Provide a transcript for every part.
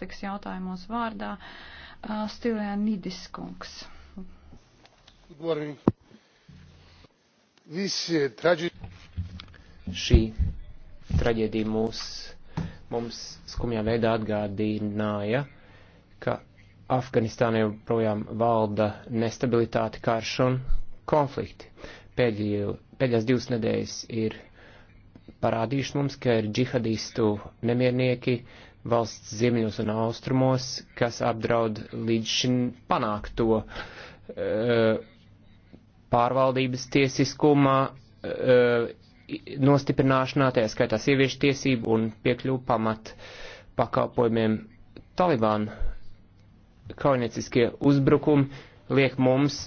politikas jautājumos vārdā uh, Stilē Nidiskungs. Šī traģēdija mūs, mums skumjā veidā atgādināja, ka Afganistānā joprojām valda nestabilitāte, karš un konflikti. Pēdējo, pēdējās divas nedēļas ir parādījuši mums, ka ir džihadistu nemiernieki valsts ziemeļos un austrumos, kas apdraud līdz šim panākto eh, pārvaldības tiesiskuma eh, nostiprināšanā, tā skaitā sieviešu tiesību un piekļuvu pamat pakalpojumiem Taliban kaunieciskie uzbrukumi liek mums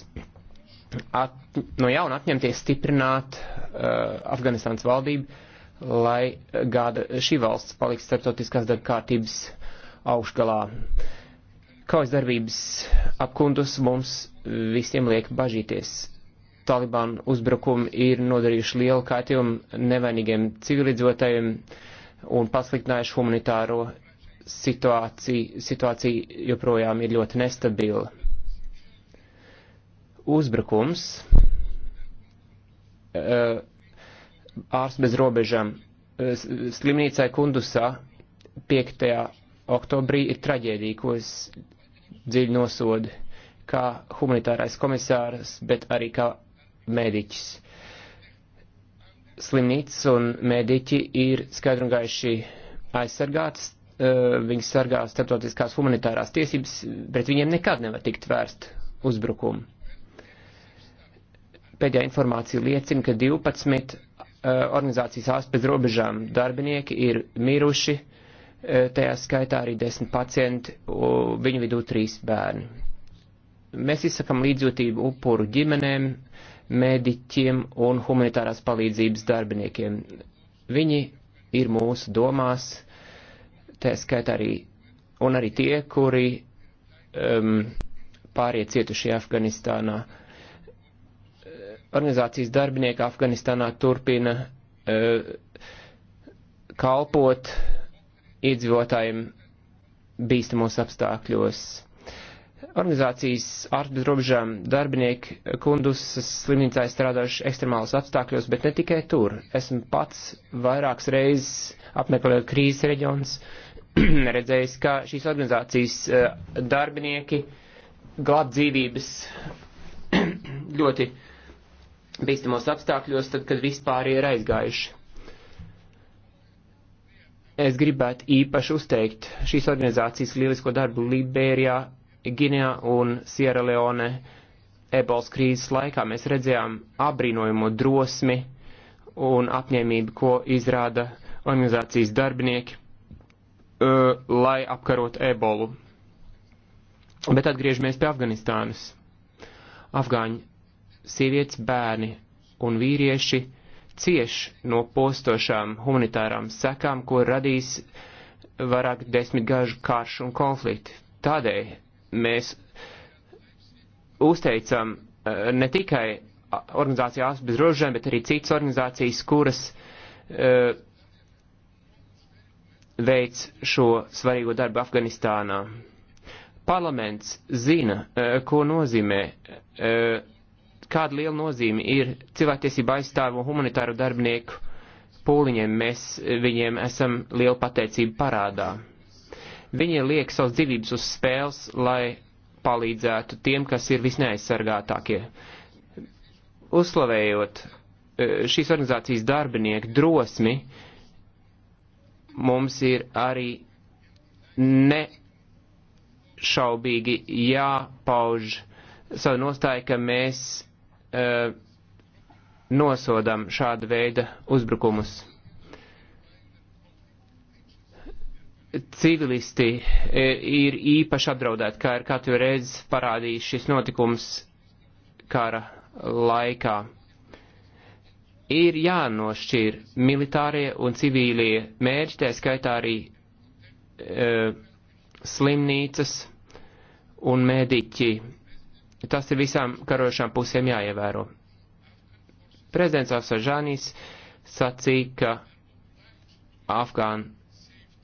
at, no jauna atņemties stiprināt uh, Afganistānas valdību, uh, lai gada šī valsts paliks starptautiskās darba kārtības augšgalā. Kaujas darbības apkundus mums visiem liek bažīties. Taliban uzbrukumi ir nodarījuši lielu kaitījumu nevainīgiem civilizotājiem un pasliktinājuši humanitāro situāciju. Situācija joprojām ir ļoti nestabila. Uzbrukums. Uh, ārs bez robežām eh, slimnīcai Kundusā 5. oktobrī ir traģēdija, ko es dziļi nosodu kā humanitārais komisārs, bet arī kā mēdīķis. Slimnīca un mēdīķi ir skaidri un gaiši aizsargāts, eh, viņi sargā starptautiskās humanitārās tiesības, pret viņiem nekad nevar tikt vērst uzbrukumu. Pēdējā informācija liecina, ka 12 Eh, organizācijas ārsts bez robežām darbinieki ir miruši, eh, tajā skaitā arī desmit pacienti, viņu vidū trīs bērni. Mēs izsakam līdzjūtību upuru ģimenēm, mediķiem un humanitārās palīdzības darbiniekiem. Viņi ir mūsu domās, tā skaitā arī, un arī tie, kuri um, pāriet cietušie Afganistānā. Uh, organizācijas darbinieki Afganistānā turpina uh, kalpot iedzīvotājiem bīstamos apstākļos. Organizācijas ārpus robežām darbinieki Kundusas slimnīcā strādājuši ekstremālos apstākļos, bet ne tikai tur. Esmu pats vairākas reizes apmeklējot krīzes reģionus, redzējis, kā šīs organizācijas uh, darbinieki glāb dzīvības ļoti uh, bīstamos apstākļos, tad, kad vispār ir aizgājuši. Es gribētu īpaši uzteikt šīs organizācijas lielisko darbu Liberijā, Ginejā un Sierra Leone. Ebols krīzes laikā mēs redzējām abrīnojamo drosmi un apņēmību, ko izrāda organizācijas darbinieki, uh, lai apkarot ebolu. Bet atgriežamies pie Afganistānas. Afgāņi sievietes, bērni un vīrieši cieš no postošām humanitārām sekām, ko radīs vairāk desmitgažu karš un konflikti. Tādēļ mēs uzteicam eh, ne tikai organizāciju ārsts bez rožēm, bet arī citas organizācijas, kuras uh, veic šo svarīgo darbu Afganistānā. Parlaments zina, uh, ko nozīmē uh, kāda liela nozīme ir cilvēktiesība aizstāvo humanitāru darbinieku pūliņiem. Mēs viņiem esam liela pateicība parādā. Viņi liek savas dzīvības uz spēles, lai palīdzētu tiem, kas ir visneaizsargātākie. Uzslavējot e, šīs organizācijas darbinieku drosmi, mums ir arī nešaubīgi jāpauž savu nostāju, ka mēs Eh, nosodam šāda veida uzbrukumus. Civilisti eh, ir īpaši apdraudēti, kā ir katru reizi parādījis šis notikums kara laikā. Ir jānošķir militārie un civīlie mērķi, tā skaitā arī e, slimnīcas un mediķi Tas ir visām karošām pusēm jāievēro. Prezidents Afsažānijas sacīja, ka Afgāņu,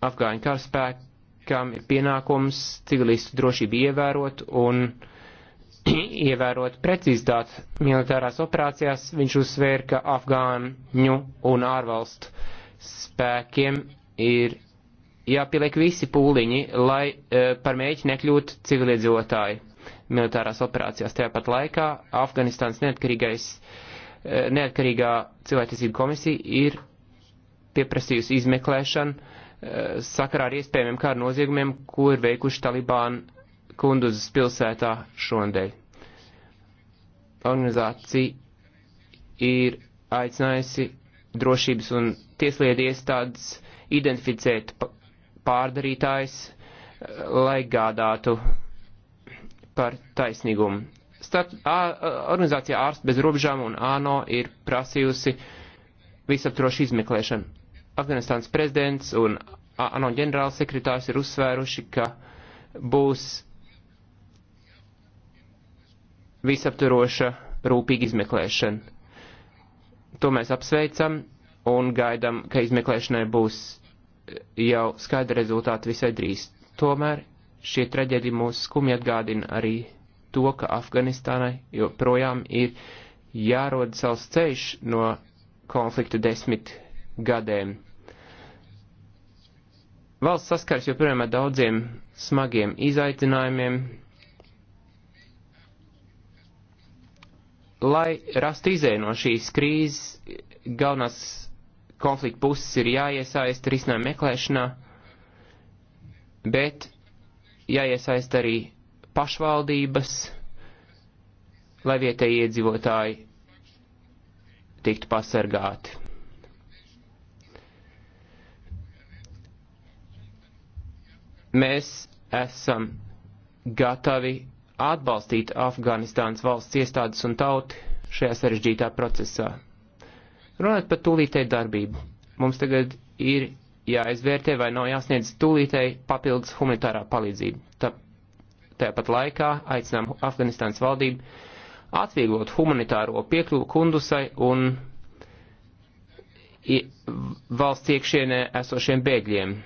Afgāņu karaspēkam ir pienākums civilistu drošību ievērot un ievērot precizitāti militārās operācijās. Viņš uzsvēra, ka Afgāņu un ārvalstu spēkiem ir jāpieliek visi pūliņi, lai e, par mēģi nekļūtu civiliedzīvotāji militārās operācijās. Tāpat laikā Afganistāns eh, neatkarīgā cilvēktiesību komisija ir pieprasījusi izmeklēšanu eh, sakarā ar iespējamiem kāru noziegumiem, ko ir veikuši Talibāni Kunduzas pilsētā šondeļ. Organizācija ir aicinājusi drošības un tieslietu iestādes identificēt pārdarītājs, eh, lai gādātu par taisnīgumu. Stat, a, organizācija ārsts bez robežām un ANO ir prasījusi visaptrošu izmeklēšanu. Afganistāns prezidents un ANO ģenerālsekretārs ir uzsvēruši, ka būs visaptvaroša, rūpīga izmeklēšana. To mēs apsveicam un gaidam, ka izmeklēšanai būs jau skaidra rezultāti visai drīz. Tomēr Šie traģēdi mūs skumji atgādina arī to, ka Afganistānai joprojām ir jārod savs ceļš no konflikta desmit gadiem. Valsts saskars joprojām ar daudziem smagiem izaicinājumiem. Lai rastu izēju no šīs krīzes, galvenās konflikta puses ir jāiesaist risinājumu meklēšanā, bet jāiesaist arī pašvaldības, lai vietēji iedzīvotāji tiktu pasargāti. Mēs esam gatavi atbalstīt Afganistānas valsts iestādes un tauti šajā sarežģītā procesā. Runājot par tūlītēju darbību, mums tagad ir jāizvērtē, vai nav jāsniedz tūlītēji papildus humanitārā palīdzība. Ta, tāpat laikā aicinām Afganistānas valdību atvieglot humanitāro piekļuvu kundusai un valsts iekšienē esošiem bēgļiem.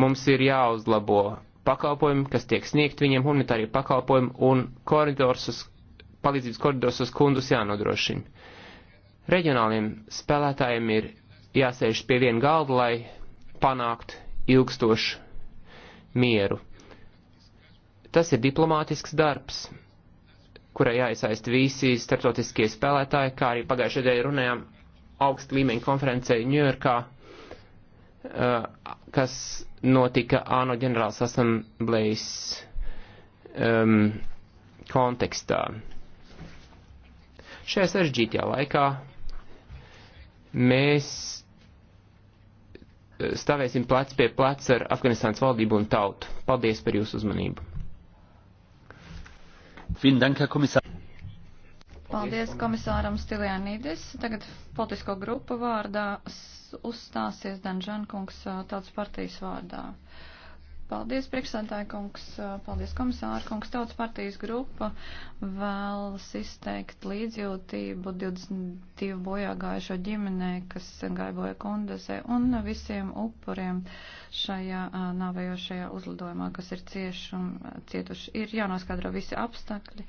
Mums ir jāuzlabo pakalpojumi, kas tiek sniegt viņiem, humanitārie pakalpojumi un koridors uz, palīdzības koridors uz kundus jānodrošina. Reģionāliem spēlētājiem ir jāsēž pie viena galda, lai panākt ilgstošu mieru. Tas ir diplomātisks darbs, kurai jāiesaist visi starptautiskie spēlētāji, kā arī pagājušajā dēļ runājām augst līmeņa konferencē Ņujorkā, kas notika ANO ģenerāls asamblējas um, kontekstā. Šajā sarežģītajā laikā mēs stāvēsim plec pie plec ar Afganistānas valdību un tautu. Paldies par jūsu uzmanību. Paldies komisāram Stilianīdis. Tagad politisko grupu vārdā uzstāsies Danžankungs uh, tautas partijas vārdā. Paldies, priekšsādāja kungs, paldies, komisāra kungs. Tautas partijas grupa vēlas izteikt līdzjūtību 22 bojāgājušo ģimenē, kas gaiboja kundasē, un visiem upuriem šajā nāvējošajā uzlidojumā, kas ir cieši un cietuši. Ir jānoskadro visi apstākļi.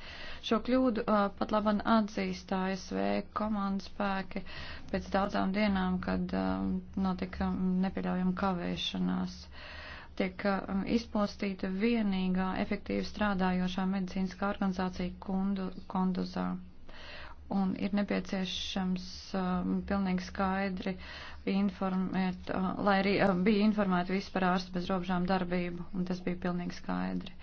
Šo kļūdu pat laban atzīst ASV komandas spēki pēc daudzām dienām, kad notika nepieļaujama kavēšanās. Uh, tiek uh, izpostīta vienīgā efektīvi strādājošā medicīniskā organizācija kundu, konduzā. Un ir nepieciešams um, pilnīgi skaidri informēt, uh, lai arī uh, bija informēti visi par ārstu bez robežām darbību, un tas bija pilnīgi skaidri.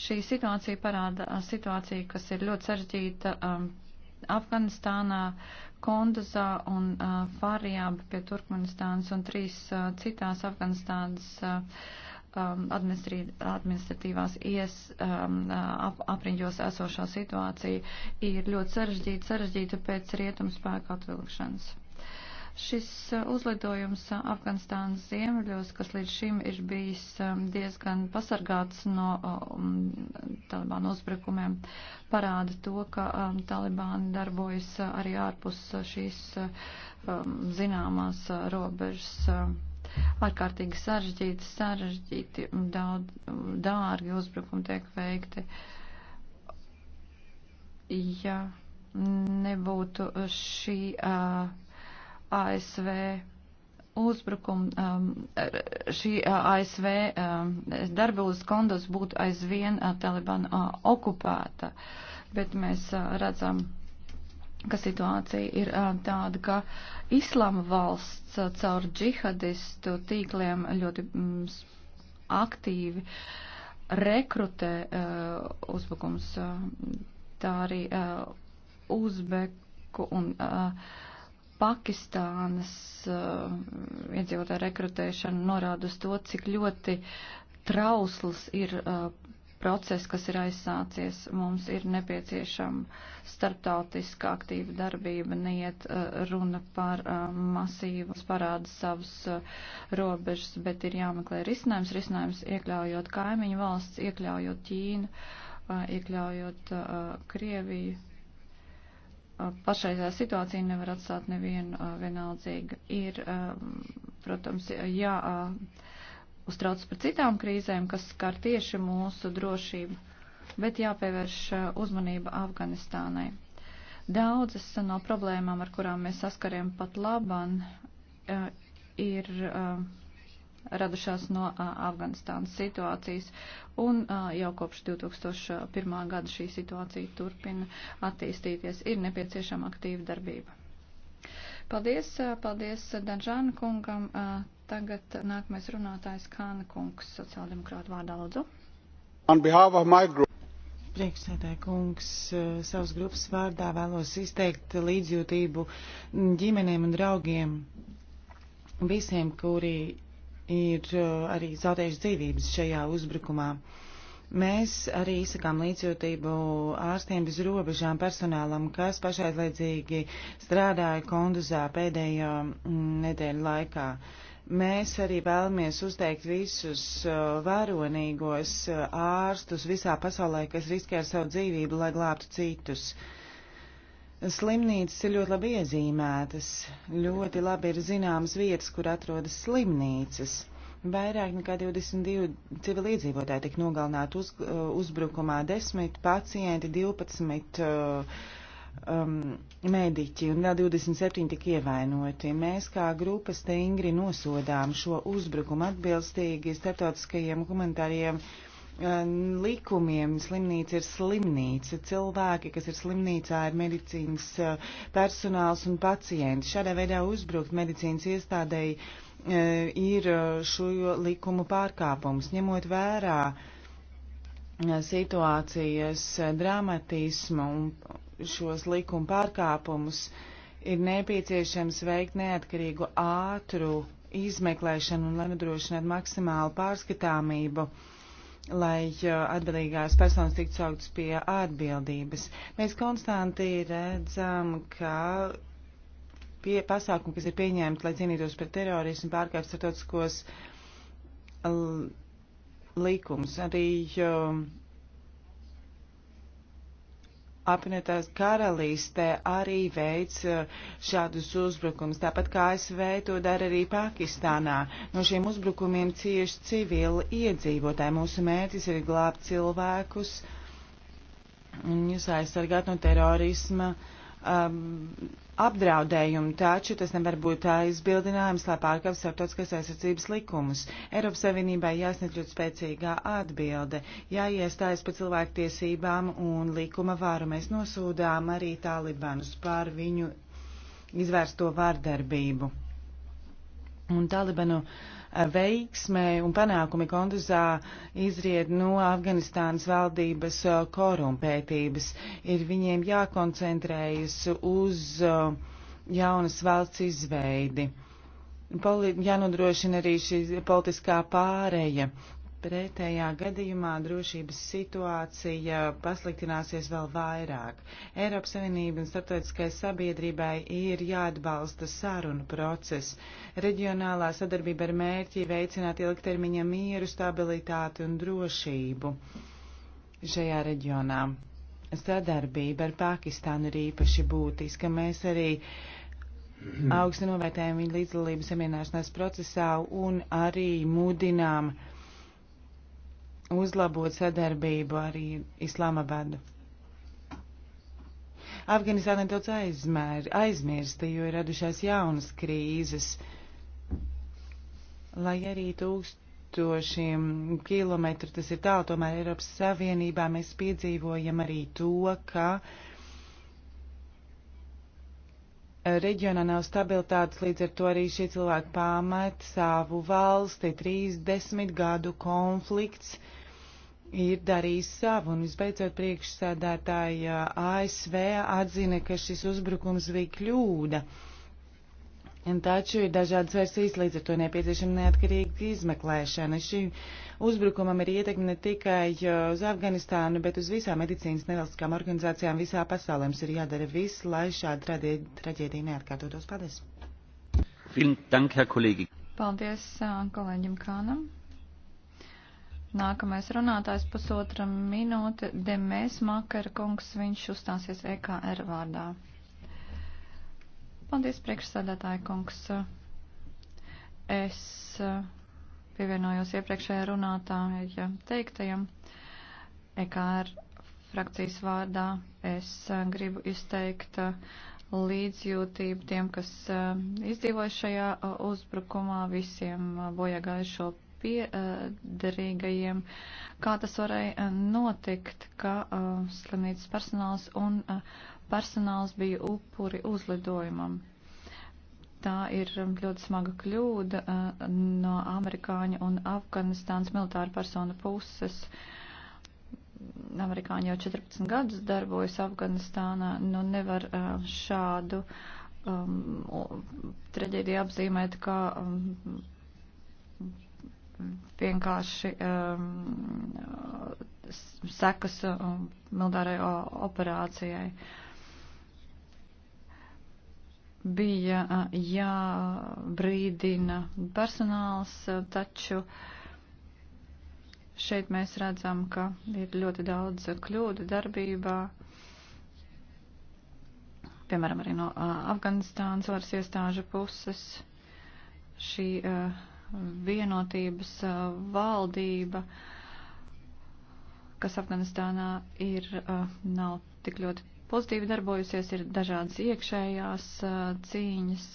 Šī situācija parāda uh, situāciju, kas ir ļoti sarežģīta um, Afganistānā, Konduzā un uh, Farijāba pie Turkmenistānas un trīs uh, citās Afganistānas. Uh, um, administratīvās ies um, ap, apriņķos esošā situācija ir ļoti sarežģīta, sarežģīta pēc rietumu spēku atvilkšanas. Šis uh, uzlidojums Afganistānas ziemeļos, kas līdz šim ir bijis um, diezgan pasargāts no um, Talibānu uzbrukumiem, parāda to, ka um, Talibāni darbojas uh, arī ārpus uh, šīs um, zināmās robežas. Um, ārkārtīgi sarežģīti, sarežģīti un daudz dārgi uzbrukumi tiek veikti. Ja nebūtu šī uh, ASV uzbrukuma, um, šī uh, ASV um, darba uz kondos būtu aizvien uh, Taliban uh, okupēta, bet mēs uh, redzam ka situācija ir tāda, ka islama valsts caur džihadistu tīkliem ļoti mm, aktīvi rekrutē uzbrukums. Tā arī uzbeku un Pakistānas iedzīvotāju rekrutēšana norāda uz to, cik ļoti trausls ir process, kas ir aizsācies. Mums ir nepieciešama starptautiska aktīva darbība, neiet uh, runa par uh, masīvu, parāda savus uh, robežas, bet ir jāmeklē risinājums, risinājums iekļaujot kaimiņu valsts, iekļaujot Ķīnu, iekļaujot Krieviju. Pašreizā situācija nevar atstāt nevienu vienaldzīgu. Ir, um, protams, jā. Ja, uztrauc par citām krīzēm, kas skar tieši mūsu drošību, bet jāpievērš uh, uzmanība Afganistānai. Daudzas no problēmām, ar kurām mēs saskariem pat laban, uh, ir uh, radušās no Afganistānas situācijas, un jau kopš 2001. gada šī situācija turpina attīstīties. Ir nepieciešama aktīva darbība. Paldies, paldies Danžāna kungam. Tagad nākamais runātājs Kāna kungs, sociāldemokrāta vārdā lūdzu. Priekšsēdē kungs, eh, savas grupas vārdā vēlos izteikt līdzjūtību ģimenēm un draugiem visiem, kuri ir eh, arī zaudējuši dzīvības šajā uzbrukumā. Mēs arī izsakām līdzjūtību ārstiem bez robežām personālam, kas pašaizlaidzīgi strādāja konduzā pēdējo mm, nedēļu laikā. Uh, Mēs arī vēlamies uzteikt visus uh, varonīgos uh, ārstus visā pasaulē, kas riskē ar savu dzīvību, lai glābtu citus. Slimnīcas ir ļoti labi iezīmētas, ļoti labi ir zināmas vietas, kur atrodas slimnīcas. Vairāk nekā 22 civiliedzīvotāji tika nogalināti uz, uh, uzbrukumā, 10 pacienti, 12 uh, um, mediķi un vēl 27 tika ievainoti. Mēs kā grupa stingri nosodām šo uzbrukumu atbilstīgi starptautiskajiem humanitāriem um, likumiem. Slimnīca ir slimnīca. Cilvēki, kas ir slimnīcā, ir medicīnas uh, personāls un pacienti. Šādā veidā uzbrukt medicīnas iestādēji uh, ir uh, šo likumu pārkāpums, ņemot vērā uh, situācijas uh, dramatismu un šos likuma pārkāpumus, ir nepieciešams veikt neatkarīgu ātru izmeklēšanu un lai nodrošinātu maksimālu pārskatāmību lai uh, atbildīgās personas tiktu sauktas pie atbildības. Mēs konstanti redzam, ka pie, pasākumi, kas ir pieņemti, lai cīnītos pret terorismu, pārkāpj starptautiskos likumus. Arī um, apvienotās karalīstē arī veids eh, šādus uzbrukums, tāpat kā ASV to dara arī Pakistānā. No šiem uzbrukumiem cieši civili iedzīvotāji. Mūsu mērķis ir glābt cilvēkus un jūs aizsargāt no terorisma. Um, apdraudējumu, taču tas nevar būt tā izbildinājums, lai pārkāptu starptautiskās aizsardzības likumus. Eiropas Savienībai jāsniedz ļoti spēcīgā atbilde, jāiestājas par cilvēktiesībām un likuma vāru. Mēs nosūdām arī talibanus par viņu izvērsto vārdarbību. Un talibanu uh, veiksmē un panākumi Konduzā izried no Afganistānas valdības uh, korumpētības. Ir viņiem jākoncentrējas uz uh, jaunas valsts izveidi. Poli jānodrošina arī šī politiskā pāreja, Pretējā gadījumā drošības situācija pasliktināsies vēl vairāk. Eiropas Savienība un starptautiskai sabiedrībai ir jāatbalsta sarunu process. Reģionālā sadarbība ar mērķi veicināt ilgtermiņa mieru, stabilitāti un drošību šajā reģionā. Sadarbība ar Pakistānu ir īpaši būtiska. Mēs arī augstu novērtējam viņu līdzdalību samierināšanās procesā un arī mudinām uh, uzlabot sadarbību arī Islāmabadu. Afganistāna daudz aizmēr, aizmirsta, jo ir radušās jaunas krīzes, lai arī tūkstošiem kilometru tas ir tālu, tomēr Eiropas Savienībā mēs piedzīvojam arī to, ka reģionā nav stabilitātes, līdz ar to arī šie cilvēki pamet savu valsti, 30 gadu konflikts, uh, ir darījis savu, un visbeidzot priekšsēdētāja ASV atzina, ka šis uzbrukums bija kļūda. Un taču ir dažādas versijas, līdz ar to nepieciešama neatkarīga izmeklēšana. Šim uzbrukumam ir ietekme ne tikai uz Afganistānu, bet uz visām medicīnas nevalstiskām organizācijām visā pasaulē. Mums ir jādara viss, lai šāda traģēdija neatkārtotos. Paldies! Paldies kolēģim Kānam! Nākamais runātājs pusotra minūte, Demēs Makara kungs, viņš uzstāsies EKR vārdā. Paldies, priekšsēdētāji kungs. Es eh, pievienojos iepriekšējā runātāja teiktajam. EKR frakcijas vārdā es eh, gribu izteikt eh, līdzjūtību tiem, kas izdzīvoja šajā uzbrukumā visiem bojagājušo piederīgajiem, kā tas varēja eh, notikt, ka eh, slimnīcas personāls un eh, personāls bija upuri uzlidojumam. Tā ir um, ļoti smaga kļūda no amerikāņu un Afganistānas militāru personu puses. Amerikāņi jau 14 gadus darbojas Afganistānā, nu nevar šādu um, traģēdiju apzīmēt kā um, vienkārši um, sekas um, militārai operācijai. Bija uh, jābrīdina personāls, uh, taču šeit mēs redzam, ka ir ļoti daudz kļūdu darbībā. Piemēram, arī no uh, Afganistānas varas iestāžu puses šī uh, vienotības valdība, kas Afganistānā ir, nav tik ļoti pozitīvi darbojusies, ir dažādas iekšējās cīņas.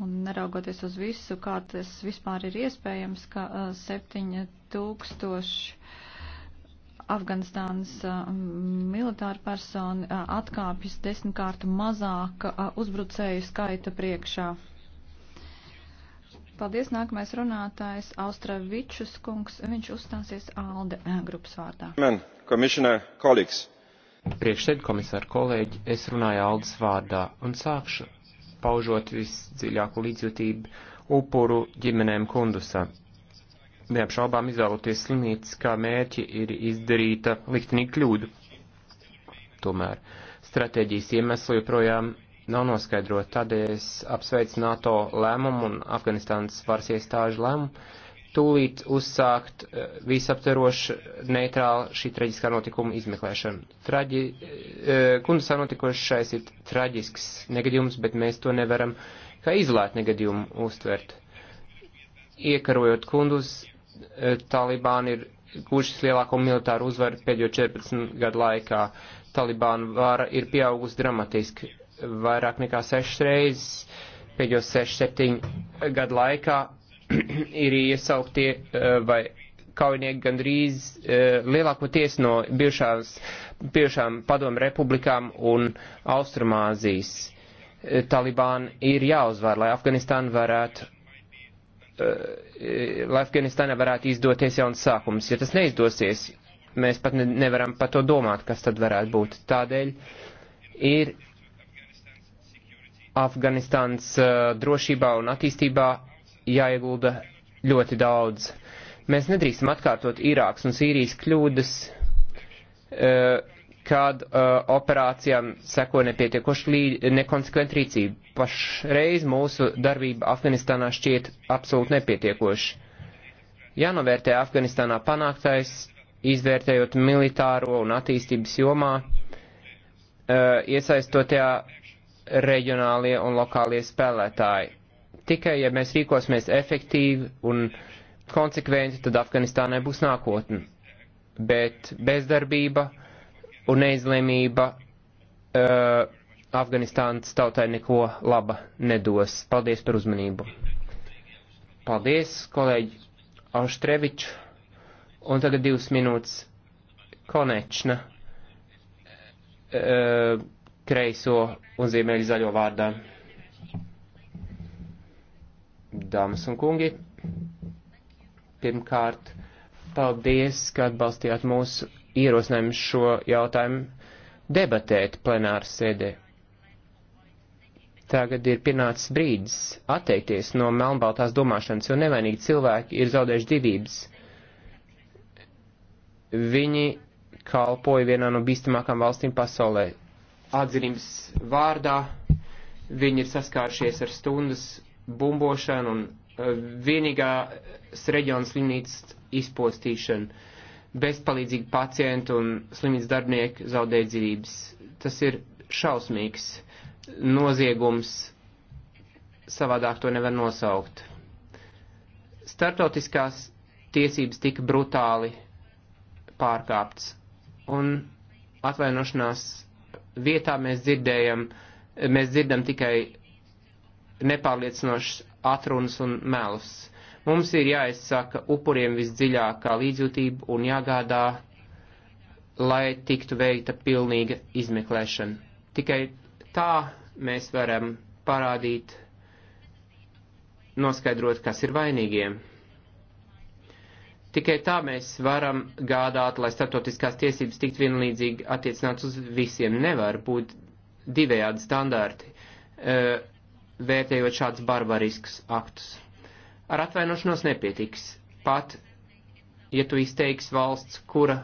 Un neraugoties uz visu, kā tas vispār ir iespējams, ka 7000 Afganistānas militāra persona atkāpjas desmitkārtu mazāk uzbrucēju skaita priekšā. Paldies, nākamais runātājs Austravičus kungs, viņš uzstāsies ALDE eh, grupas vārdā. Man, komisionēr, kolīgs. Priekšsēd komisāra kolēģi, es runāju Aldas vārdā un sākšu paužot visdziļāku līdzjūtību upuru ģimenēm Kundusa. Neapšaubām izvēloties slimnīcas kā mērķi ir izdarīta liktenīga kļūda. Tomēr stratēģijas iemesli joprojām nav noskaidrota. Tādēļ es apsveicu NATO lēmumu un Afganistānas varas iestāžu lēmumu tūlīt uzsākt eh, visaptverošu neitrālu šī traģiskā notikuma izmeklēšanu. Traģi, eh, kundasā notikošais ir traģisks negadījums, bet mēs to nevaram kā izolēt negadījumu uztvert. Iekarojot kundus, eh, Talibāni ir gūšas lielāko militāru uzvaru pēdējo 14 gadu laikā. Talibānu vāra ir pieaugusi dramatiski vairāk nekā sešas reizes pēdējos 6-7 gadu laikā ir iesauktie eh, vai kaujinieki gandrīz eh, lielākoties no bijušās, bijušām padomu republikām un Austrumāzijas. Eh, Talibāni ir jāuzvar, lai Afganistāna varētu lai Afganistāna varētu izdoties jauns sākums. Ja tas neizdosies, mēs pat nevaram par to domāt, kas tad varētu būt. Tādēļ ir Afganistānas uh, eh, drošībā un attīstībā jāiegulda ļoti daudz. Mēs nedrīkstam atkārtot Irāks un Sīrijas kļūdas, uh, kad uh, operācijām seko nepietiekoši nekonsekvent rīcība. Pašreiz mūsu darbība Afganistānā šķiet absolūti nepietiekoši. Jānovērtē Afganistānā panāktais, izvērtējot militāro un attīstības jomā, uh, iesaistotajā reģionālie un lokālie spēlētāji. Tikai, ja mēs rīkosimies efektīvi un konsekventi, tad Afganistānai būs nākotne. Bet bezdarbība un neizlēmība uh, Afganistānas tautai neko laba nedos. Paldies par uzmanību. Paldies, kolēģi Auštreviču. Un tagad divas minūtes konečna. Uh, kreiso un ziemeļu zaļo vārdā. Dāmas un kungi, pirmkārt, paldies, ka atbalstījāt mūsu ierosinājumu šo jautājumu debatēt plenāru sēdē. Tagad ir pienācis brīdis atteikties no melnbaltās domāšanas, jo nevainīgi cilvēki ir zaudējuši divības. Viņi kalpoja vienā no bīstamākām valstīm pasaulē atzinības vārdā. Viņi ir saskāršies ar stundas bumbošanu un e, vienīgās reģiona slimnīcas izpostīšanu. Bezpalīdzīgi pacienti un slimnīcas darbinieki zaudēja dzīvības. Tas ir šausmīgs noziegums, savādāk to nevar nosaukt. Startautiskās tiesības tika brutāli pārkāptas, un atvainošanās vietā mēs dzirdējam, mēs dzirdam tikai nepārliecinošas atrunas un melus. Mums ir jāizsaka upuriem visdziļākā līdzjūtība un jāgādā, lai tiktu veikta pilnīga izmeklēšana. Tikai tā mēs varam parādīt, noskaidrot, kas ir vainīgiem. Tikai tā mēs varam gādāt, lai starptautiskās tiesības tikt vienlīdzīgi attiecināts uz visiem. Nevar būt divējādi standarti, e, vērtējot šādus barbariskus aktus. Ar atvainošanos nepietiks. Pat, ja tu izteiks valsts, kura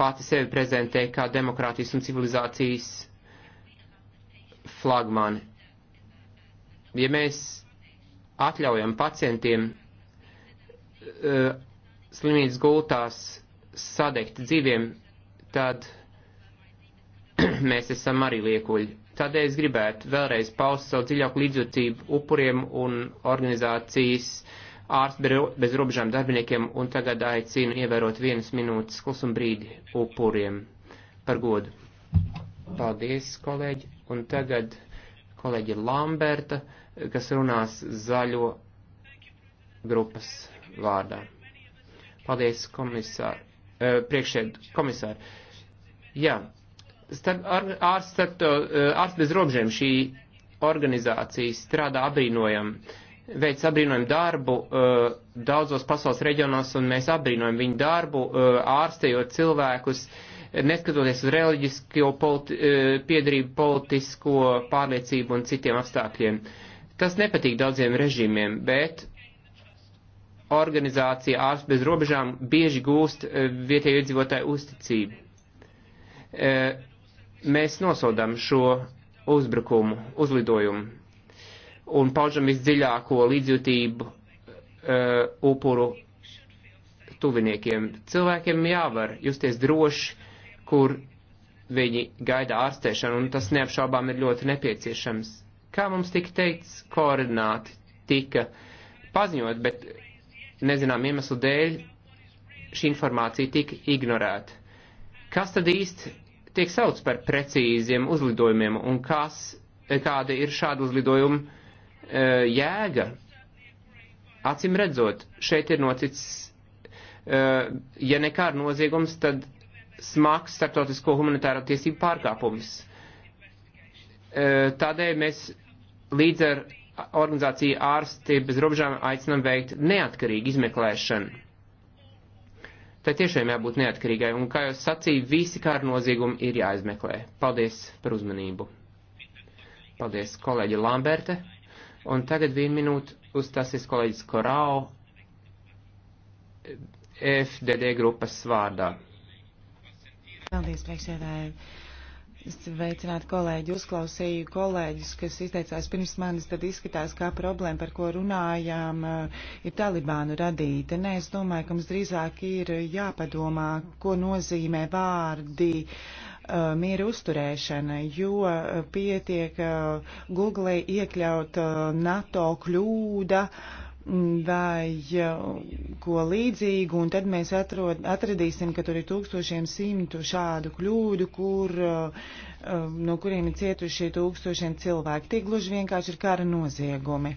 pati sevi prezentē kā demokrātijas un civilizācijas flagmani. Ja mēs atļaujam pacientiem uh, slimības gultās sadegt dzīviem, tad mēs esam arī liekuļi. Tādēļ es gribētu vēlreiz paust savu dziļāku līdzjūtību upuriem un organizācijas ārsts bez robežām darbiniekiem un tagad aicinu ievērot vienas minūtes klusuma brīdi upuriem par godu. Paldies, kolēģi. Un tagad kolēģi Lamberta, kas runās zaļo grupas vārdā. Paldies, komisār, e, priekšēd komisār. Jā, starp, ar, ārst, starp, e, ārst bez robežiem šī organizācija strādā abrīnojam, veic abrīnojam darbu e, daudzos pasaules reģionos, un mēs abrīnojam viņu darbu, ārstējot cilvēkus, neskatoties uz reliģisko politi, piedarību, politisko pārliecību un citiem apstākļiem. Tas nepatīk daudziem režīmiem, bet organizācija ārsts bez robežām bieži gūst eh, vietēju iedzīvotāju uzticību. Eh, mēs nosodam šo uzbrukumu, uzlidojumu un paužam visdziļāko līdzjūtību eh, upuru tuviniekiem. Cilvēkiem jāvar justies droši, kur viņi gaida ārstēšanu, un tas neapšaubām ir ļoti nepieciešams. Kā mums tika teikts, koordināti tika paziņot, bet nezinām iemeslu dēļ šī informācija tika ignorēta. Kas tad īsti tiek sauc par precīziem uzlidojumiem un kas, kāda ir šāda uzlidojuma e, jēga? Acim redzot, šeit ir noticis, e, ja nekāda noziegums, tad smags starptautisko humanitāro tiesību pārkāpums. E, tādēļ mēs līdz ar organizāciju ārsti bez robežām aicinam veikt neatkarīgu izmeklēšanu. Tā tiešām jābūt neatkarīgai, un, kā jau sacīju, visi kāra noziegumi ir jāizmeklē. Paldies par uzmanību. Paldies, kolēģi Lamberte. Un tagad vienu minūtu uzstāsies kolēģis Korau FDD grupas vārdā. Paldies, priekšsēdētāji. Sveicināt kolēģi, uzklausīju kolēģis, kas izteicās pirms manis, tad izskatās, kā problēma, par ko runājām, eh, ir Talibānu radīta. Nē, es domāju, ka mums drīzāk ir jāpadomā, ko nozīmē vārdi eh, miera uzturēšana, jo eh, pietiek Google iekļaut NATO kļūda. Uh, vai ko līdzīgu, un tad mēs atrod, atradīsim, ka tur ir tūkstošiem simtu šādu kļūdu, kur, eh, no kuriem ir cietuši tūkstošiem cilvēki. Tie gluži vienkārši ir kara noziegumi.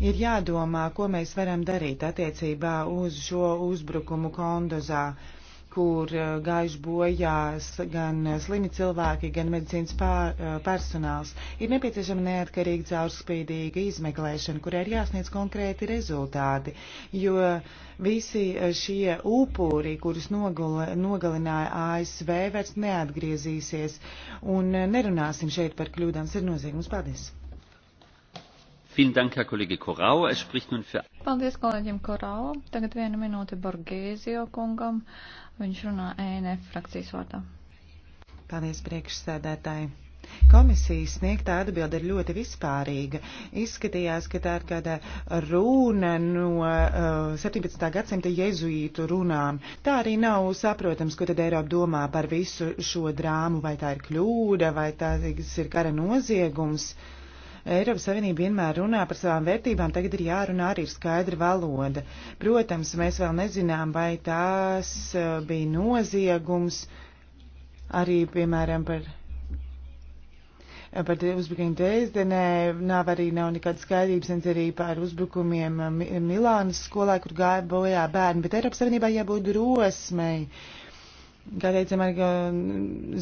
Ir jādomā, ko mēs varam darīt attiecībā uz šo uzbrukumu kondozā. Uh, kur eh, gājuši bojās gan slimi cilvēki, gan medicīnas pār, eh, personāls. Ir nepieciešama neatkarīga caurspīdīga izmeklēšana, kurai ir jāsniedz konkrēti rezultāti, jo visi eh, šie upuri, kurus nogula, nogalināja ASV, vairs neatgriezīsies. Un nerunāsim šeit par kļūdām, tas ir noziegums. Paldies! Paldies kolēģim Korau. Tagad viena minūte Borgēzio kungam. Viņš runā ENF frakcijas vārdā. Paldies priekšsēdētāji. Komisijas sniegtā atbilde ir ļoti vispārīga. Izskatījās, ka tā ir kāda runa no uh, 17. gadsimta jezuītu runām. Tā arī nav saprotams, ko tad Eiropa domā par visu šo drāmu, vai tā ir kļūda, vai tā ir kara noziegums. Uh, Eiropas Savienība vienmēr runā par savām vērtībām, tagad ir jārunā arī ir skaidra valoda. Protams, mēs vēl nezinām, vai tās eh, bija noziegums arī, piemēram, par. Par uzbrukumiem Dresdenē nav arī nav nekāda skaidrības, ne arī par uzbrukumiem Milānas skolā, kur gāja bojā bērni, bet Eiropas Savienībā jābūt drosmei. Uh, Kā teica Marga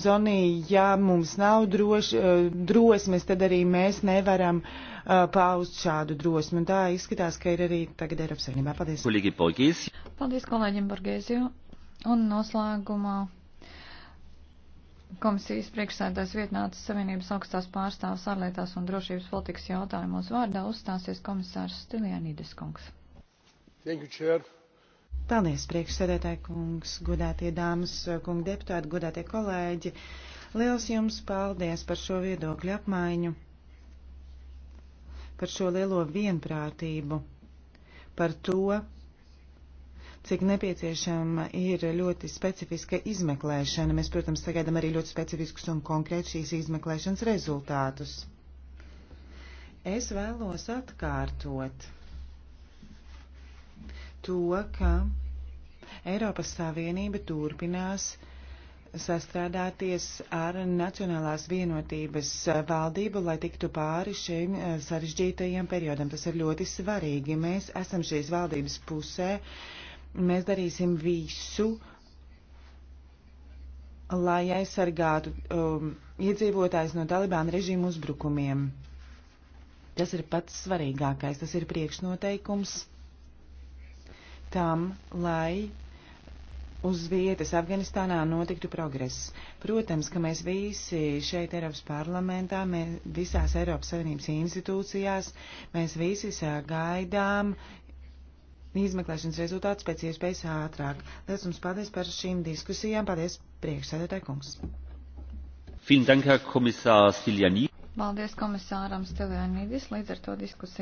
Zonī, ja mums nav droš, eh, drosmes, tad arī mēs nevaram uh, paust šādu drosmi. Un tā izskatās, ka ir arī tagad Eiropas Savienībā. Paldies. Kolīgi Borgēs. Paldies kolēģim Borgēziju. Un noslēgumā komisijas priekšsēdājs vietnātas Savienības augstās pārstāvs ārlietās un drošības politikas jautājumos vārdā uzstāsies komisārs Stilianides kungs. Thank you, Chair. Paldies, priekšsēdētāji kungs, godātie dāmas, kungi deputāti, godātie kolēģi. Liels jums paldies par šo viedokļu apmaiņu, par šo lielo vienprātību, par to, cik nepieciešama ir ļoti specifiska izmeklēšana. Mēs, protams, sagaidām arī ļoti specifiskus un konkrētus šīs izmeklēšanas rezultātus. Es vēlos atkārtot to, ka Eiropas Savienība turpinās sastrādāties ar Nacionālās vienotības valdību, lai tiktu pāri šiem eh, sarežģītajiem periodam. Tas ir ļoti svarīgi. Mēs esam šīs valdības pusē. Mēs darīsim visu, lai aizsargātu um, iedzīvotājs no Talibāna režīmu uzbrukumiem. Tas ir pats svarīgākais, tas ir priekšnoteikums tam, lai uz vietas Afganistānā notiktu progress. Protams, ka mēs visi šeit Eiropas parlamentā, mēs visās Eiropas Savienības institūcijās, mēs visi sagaidām izmeklēšanas rezultātus pēc iespējas ātrāk. Lielas jums paldies par šīm diskusijām. Paldies, priekšsēdētāj kungs. Paldies komisāram Stiljanīdis. Līdz ar to diskusiju.